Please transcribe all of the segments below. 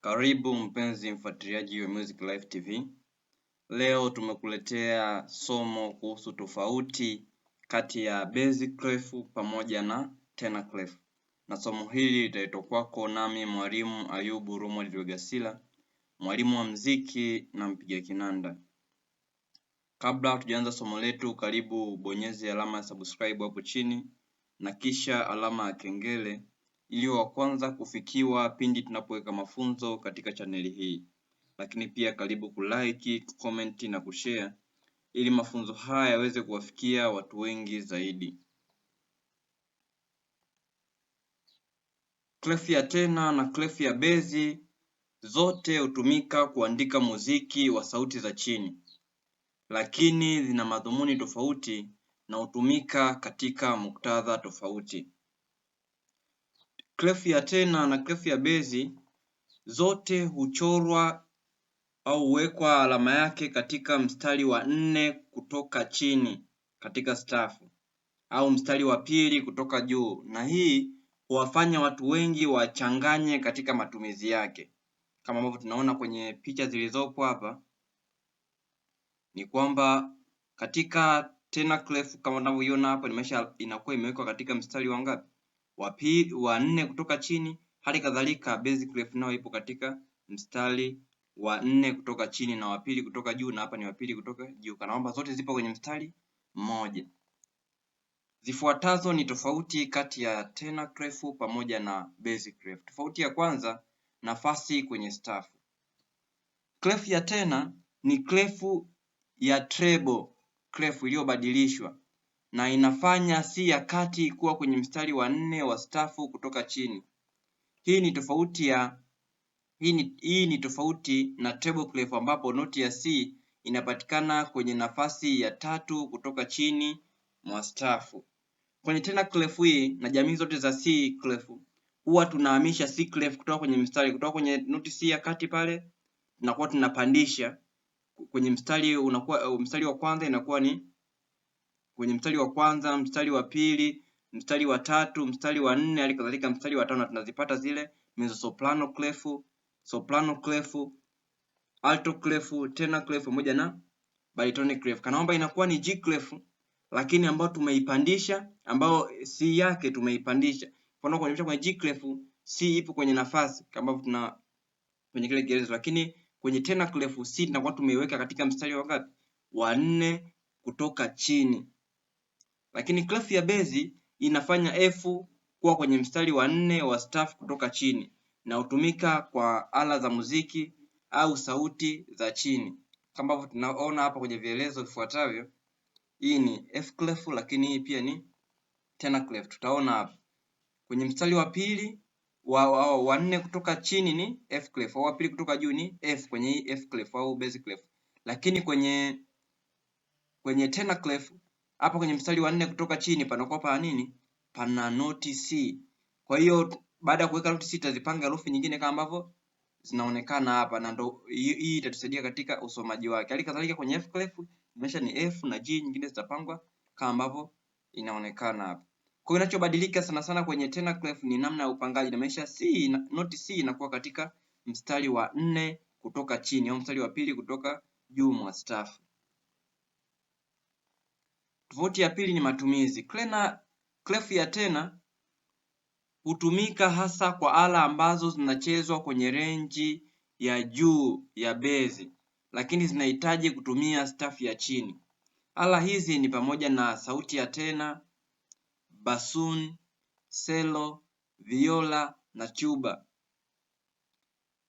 Karibu mpenzi mfuatiliaji wa Music Life TV. Leo tumekuletea somo kuhusu tofauti kati ya basic clef pamoja na tenor clef, na somo hili litaitwa kwako nami Mwalimu Ayubu Roma Rwegasila, mwalimu wa mziki na mpiga kinanda. Kabla hatujaanza somo letu, karibu bonyeze alama ya subscribe hapo chini na kisha alama ya kengele iliyo wa kwanza kufikiwa pindi tunapoweka mafunzo katika chaneli hii, lakini pia karibu kulike, kukomenti na kushare ili mafunzo haya yaweze kuwafikia watu wengi zaidi. Clef ya tena na clef ya bezi zote hutumika kuandika muziki wa sauti za chini, lakini zina madhumuni tofauti na hutumika katika muktadha tofauti. Klefu ya tena na klefu ya bezi zote huchorwa au huwekwa alama yake katika mstari wa nne kutoka chini katika stafu au mstari wa pili kutoka juu, na hii huwafanya watu wengi wachanganye katika matumizi yake. Kama ambavyo tunaona kwenye picha zilizopo hapa, ni kwamba katika tena clef kama unavyoiona hapa, nimesha inakuwa imewekwa katika mstari wa ngapi? wa pili, wa nne kutoka chini. Hali kadhalika basic ref nao ipo katika mstari wa nne kutoka chini na wa pili kutoka juu, na hapa ni wa pili kutoka juu. Kanaomba zote zipo kwenye mstari mmoja. Zifuatazo ni tofauti kati ya tenor clef pamoja na basic clef. Tofauti ya kwanza, nafasi kwenye staff. Clef ya tenor ni clef ya treble, clef iliyobadilishwa na inafanya si ya kati kuwa kwenye mstari wa nne wa stafu kutoka chini. Hii ni tofauti ya hii ni, hii ni tofauti na treble clef ambapo noti ya C inapatikana kwenye nafasi ya tatu kutoka chini mwa stafu. Kwenye tena clef hii na jamii zote za C clef huwa tunahamisha C clef kutoka kwenye mstari kutoka kwenye noti C ya kati pale kwa tunapandisha kwenye mstari unakuwa mstari wa kwanza inakuwa ni kwenye mstari wa kwanza, mstari wa pili, mstari wa tatu, mstari wa nne, hali kadhalika mstari wa tano, tunazipata zile mezzo soprano clef, soprano clef, alto clef, tenor clef pamoja na baritone clef. Kanaomba inakuwa ni G clef lakini ambayo tumeipandisha, ambayo C yake tumeipandisha. Kwa kwenye kwenye G clef C ipo kwenye nafasi kama tuna kwenye kile kielezo, lakini kwenye tenor clef C tunakuwa tumeiweka katika mstari wa ngapi? Wa nne kutoka chini. Lakini klasi ya bezi inafanya F kuwa kwenye mstari wa nne wa staff kutoka chini na hutumika kwa ala za muziki au sauti za chini kama ambavyo tunaona hapa kwenye vielezo vifuatavyo. Hii ni F clef, lakini hii pia ni tenor clef. Tutaona hapa kwenye mstari wa pili wa, wa, wa wa nne kutoka chini ni F clef, au wa pili kutoka juu ni F kwenye hii F clef au basic clef, lakini kwenye kwenye tenor clef hapo kwenye mstari wa nne kutoka chini panakuwa pa nini? Pana noti C. Kwa hiyo baada ya kuweka noti C tutazipanga herufi nyingine kama ambavyo zinaonekana hapa, na ndo hii itatusaidia katika usomaji wake. Hali kadhalika kwenye F clef imesha ni F na G nyingine zitapangwa kama ambavyo inaonekana hapa. Kwa hiyo inachobadilika sana sana kwenye tena clef ni namna ya upangaji, namaanisha C na noti C inakuwa katika mstari wa nne kutoka chini au mstari wa pili kutoka juu mwa stafu. Tofauti ya pili ni matumizi. Klena, clef ya tena hutumika hasa kwa ala ambazo zinachezwa kwenye renji ya juu ya bezi, lakini zinahitaji kutumia staff ya chini. Ala hizi ni pamoja na sauti ya tena, basun, selo, viola na chuba.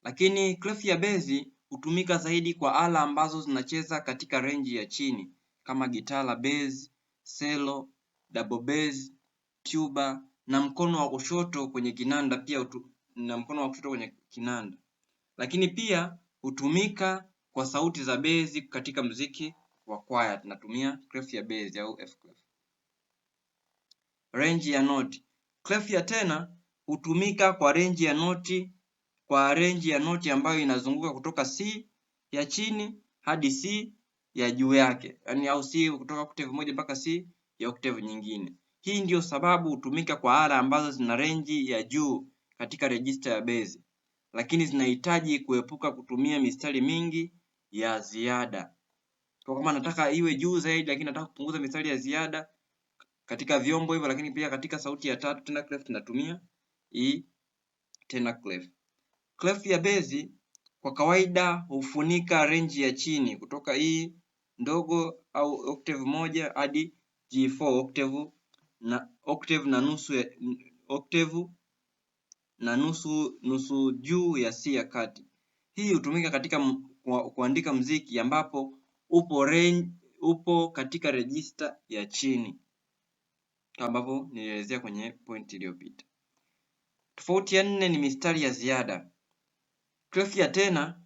Lakini clef ya bezi hutumika zaidi kwa ala ambazo zinacheza katika renji ya chini kama gitaa la bass, cello, double bass, tuba na mkono wa kushoto kwenye kinanda pia utu, na mkono wa kushoto kwenye kinanda. Lakini pia hutumika kwa sauti za bezi katika muziki wa kwaya, tunatumia clef ya bezi au F clef. Range ya noti. Clef ya tena hutumika kwa range ya noti, kwa range ya noti ambayo inazunguka kutoka C ya chini hadi C ya juu yake, yani au C kutoka octave moja mpaka C ya octave nyingine. Hii ndiyo sababu hutumika kwa ala ambazo zina range ya juu katika register ya bezi, lakini zinahitaji kuepuka kutumia mistari mingi ya ziada. Kwa kama nataka iwe juu zaidi, lakini nataka kupunguza mistari ya ziada katika vyombo hivyo, lakini pia katika sauti ya tatu tena clef natumia hii tena clef. Clef ya bezi kwa kawaida hufunika renji ya chini kutoka E ndogo au octave moja hadi G4 octave na octave na nusu ya, octave na nusu nusu juu ya C ya kati. Hii hutumika katika kuandika mziki ambapo upo range, upo katika rejista ya chini ambapo nilielezea kwenye pointi iliyopita. Tofauti ya nne ni mistari ya ziada. Clef ya tena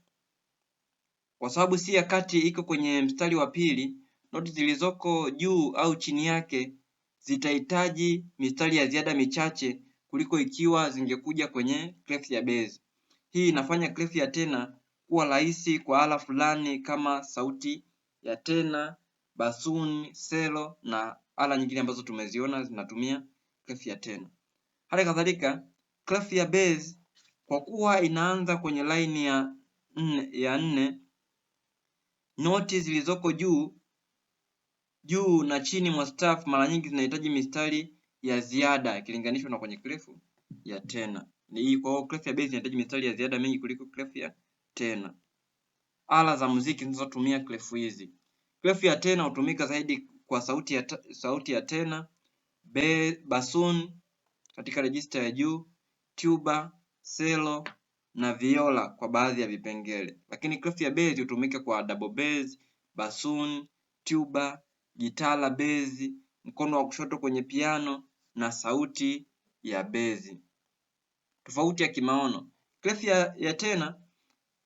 kwa sababu si ya kati iko kwenye mstari wa pili, noti zilizoko juu au chini yake zitahitaji mistari ya ziada michache kuliko ikiwa zingekuja kwenye clef ya base. Hii inafanya clef ya tena kuwa rahisi kwa ala fulani kama sauti ya tena, basuni, selo na ala nyingine ambazo tumeziona zinatumia clef ya tena. Hali kadhalika clef ya base kwa kuwa inaanza kwenye laini ya nne, ya nne noti zilizoko juu juu na chini mwa staff mara nyingi zinahitaji mistari ya ziada ikilinganishwa na kwenye clef ya tena. Ni kwa hiyo ya base inahitaji mistari ya ziada mingi kuliko clef ya tena. Ala za muziki zinazotumia clef hizi. clef ya tena hutumika zaidi kwa sauti ya, sauti ya tena, bassoon katika rejista ya juu, tuba selo na viola kwa baadhi ya vipengele, lakini clef ya bezi hutumika kwa double bass, bassoon, tuba, gitara bezi, mkono wa kushoto kwenye piano na sauti ya bezi. Tofauti ya kimaono, clef ya, ya tena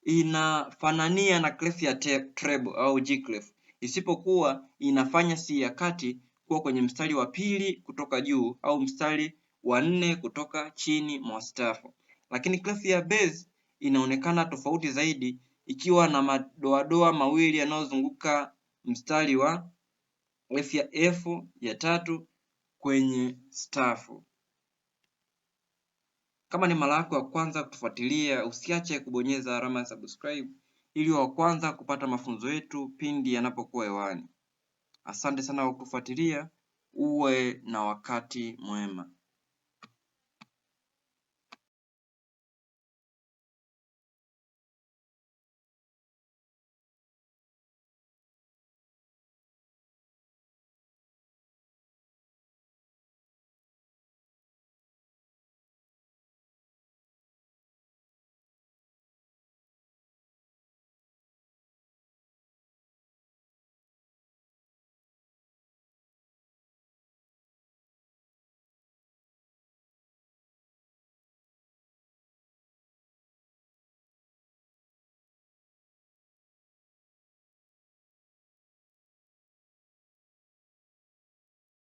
inafanania na clef ya treble au G clef, isipokuwa inafanya si ya kati kuwa kwenye mstari wa pili kutoka juu au mstari wa nne kutoka chini mwa stafu lakini klasi ya base inaonekana tofauti zaidi ikiwa na madoadoa mawili yanayozunguka mstari wa F ya F ya tatu kwenye stafu. Kama ni mara yako ya kwanza kutufuatilia, usiache kubonyeza alama ya subscribe ili wa kwanza kupata mafunzo yetu pindi yanapokuwa hewani. Asante sana kwa kutufuatilia. Uwe na wakati mwema.